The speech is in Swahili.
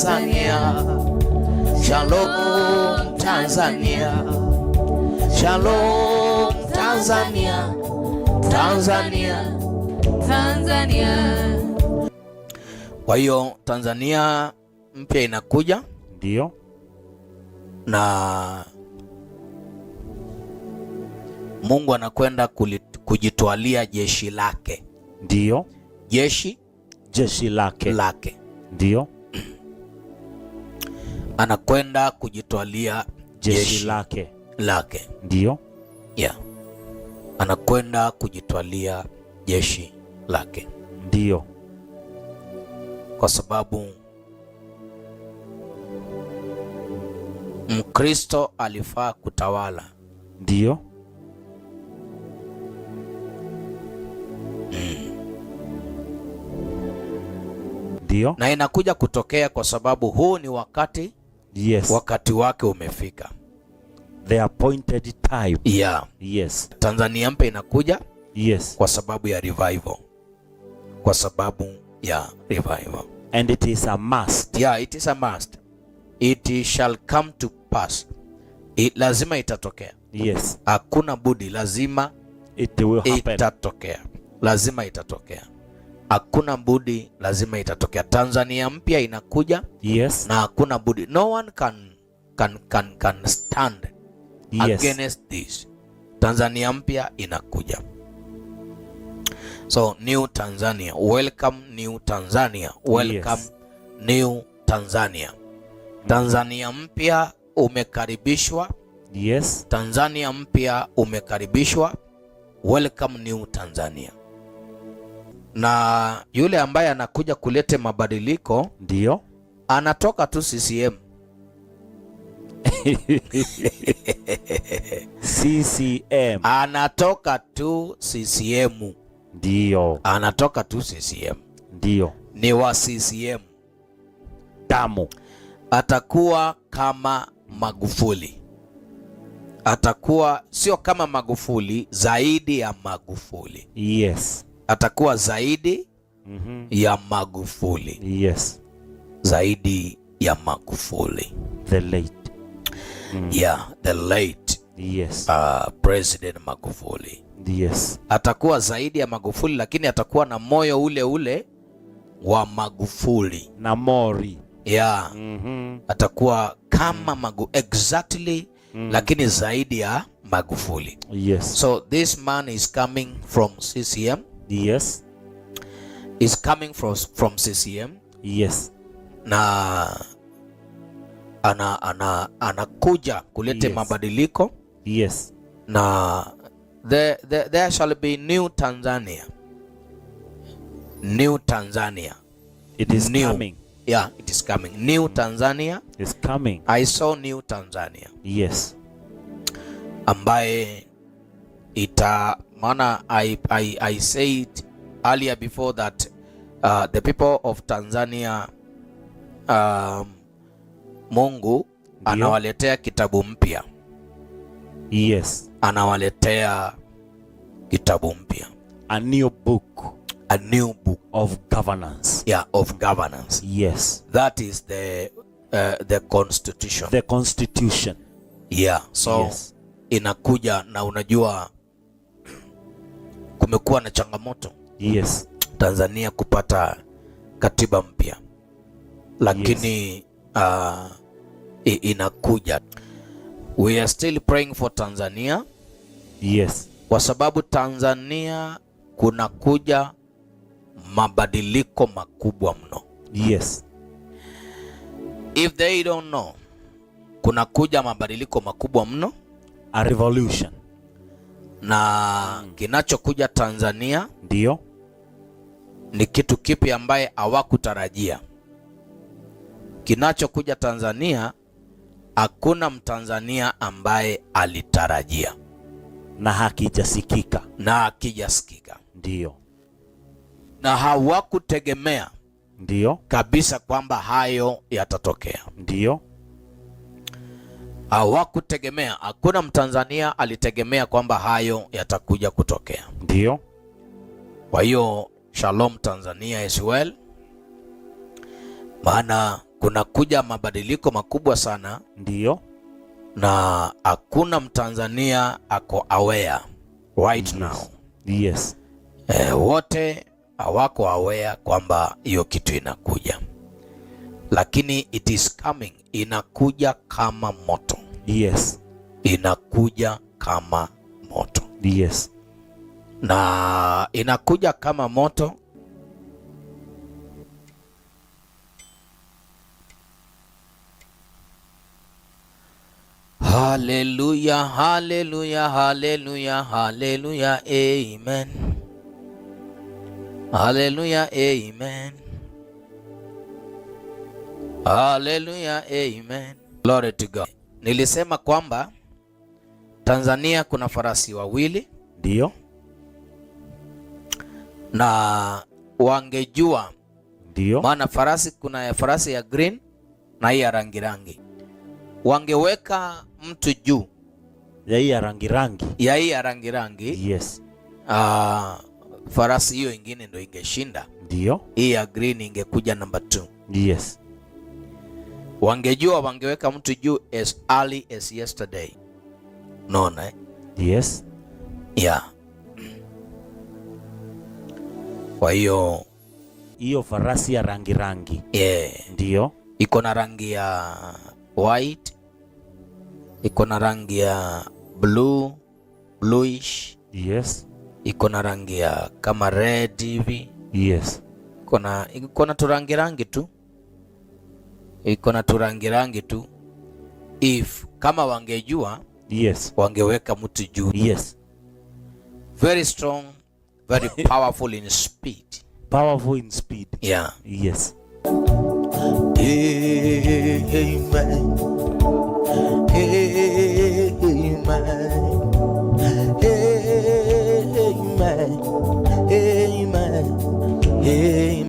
Tanzania, Shalom Tanzania, Shalom Tanzania, Tanzania, Tanzania. Kwa hiyo Tanzania mpya inakuja, ndio na Mungu anakwenda kujitwalia jeshi lake, ndio jeshi jeshi lake lake, ndio anakwenda kujitwalia jeshi, jeshi lake lake, ndio yeah, anakwenda kujitwalia jeshi lake, ndio kwa sababu Mkristo alifaa kutawala, ndio hmm. ndio, na inakuja kutokea kwa sababu huu ni wakati Yes. Wakati wake umefika. The appointed time. Yeah. Yes. Tanzania mpe inakuja. Yes. Kwa sababu ya revival. Kwa sababu ya revival. And it is a must. Yeah, it is a must. It shall come to pass. It lazima itatokea. Yes. Hakuna budi, lazima it will happen. Itatokea. Lazima itatokea hakuna budi, lazima itatokea. Tanzania mpya inakuja, yes. na hakuna budi, no one can, can, can, can stand yes. against this. Tanzania mpya inakuja, so new Tanzania welcome, new Tanzania welcome, yes. new Tanzania Tanzania mpya umekaribishwa, yes. Tanzania mpya umekaribishwa, welcome new Tanzania na yule ambaye anakuja kulete mabadiliko ndio anatoka tu CCM. CCM anatoka tu CCM, ndio anatoka tu CCM, ndio ni wa CCM damu. Atakuwa kama Magufuli, atakuwa sio kama Magufuli, zaidi ya Magufuli. Yes atakuwa zaidi mm -hmm. ya Magufuli yes. zaidi ya Magufuli the late. Mm. Yeah, the late yes. uh, President Magufuli yes. atakuwa zaidi ya Magufuli lakini atakuwa na moyo ule ule wa Magufuli na mori yeah. mm -hmm. atakuwa kama Magu exactly Mm. Lakini zaidi ya Magufuli. Yes. So this man is coming from CCM. Yes. Is coming from, from CCM. Yes. Na ana, ana, anakuja kulete yes. mabadiliko. Yes. Na there, there, there shall be new Tanzania. New Tanzania. It is new. coming. Yeah, it is coming. New Tanzania is coming. I saw new Tanzania. Yes. Ambaye ita maana I, I, I said earlier before that uh, the people of Tanzania um, Mungu Dio. anawaletea kitabu mpya. Yes, anawaletea kitabu mpya. A new book. A new book of governance. Yeah, of governance. Yes. That is the uh, the constitution. The constitution. Yeah. So yes. Inakuja na unajua kumekuwa na changamoto yes, Tanzania kupata katiba mpya lakini yes. Uh, inakuja. We are still praying for Tanzania yes, kwa sababu Tanzania kunakuja mabadiliko makubwa mno yes, if they don't know, kuja mabadiliko makubwa mno, a revolution na kinachokuja Tanzania ndio ni kitu kipi ambaye hawakutarajia. Kinachokuja Tanzania hakuna Mtanzania ambaye alitarajia, na hakijasikika na hakijasikika, ndio na hawakutegemea ndio kabisa kwamba hayo yatatokea, ndio hawakutegemea. Hakuna Mtanzania alitegemea kwamba hayo yatakuja kutokea, ndio. Kwa hiyo shalom Tanzania as well, maana kuna kuja mabadiliko makubwa sana, ndio, na hakuna Mtanzania ako aware right now. Yes. E, wote hawako aware kwamba hiyo kitu inakuja, lakini it is coming, inakuja kama moto yes. Inakuja kama moto yes. Na inakuja kama moto Haleluya, haleluya, haleluya, haleluya, amen. Haleluya, amen. Haleluya, amen. Glory to God. Nilisema kwamba Tanzania kuna farasi wawili ndio, na wangejua ndio maana farasi kuna farasi ya green na hii ya rangi rangi, wangeweka mtu juu ya hii ya rangi rangi ya hii ya rangi rangi. Yes. Uh, farasi hiyo ingine ndio ingeshinda, ndio hii ya green ingekuja namba 2. Yes. Wangejua wangeweka mtu juu as early as yesterday. Unaona eh? Yes. Yeah. Kwa hiyo hiyo farasi ya rangi rangi, yeah, ndio iko na rangi ya white, iko na rangi ya blue, bluish. Yes. Iko na rangi ya kama red hivi. Yes. Iko na rangi rangi tu iko na turangi rangi tu. If kama wangejua, yes, wangeweka mtu juu. Yes, very strong, very powerful in speed, powerful in speed. Yeah, yes.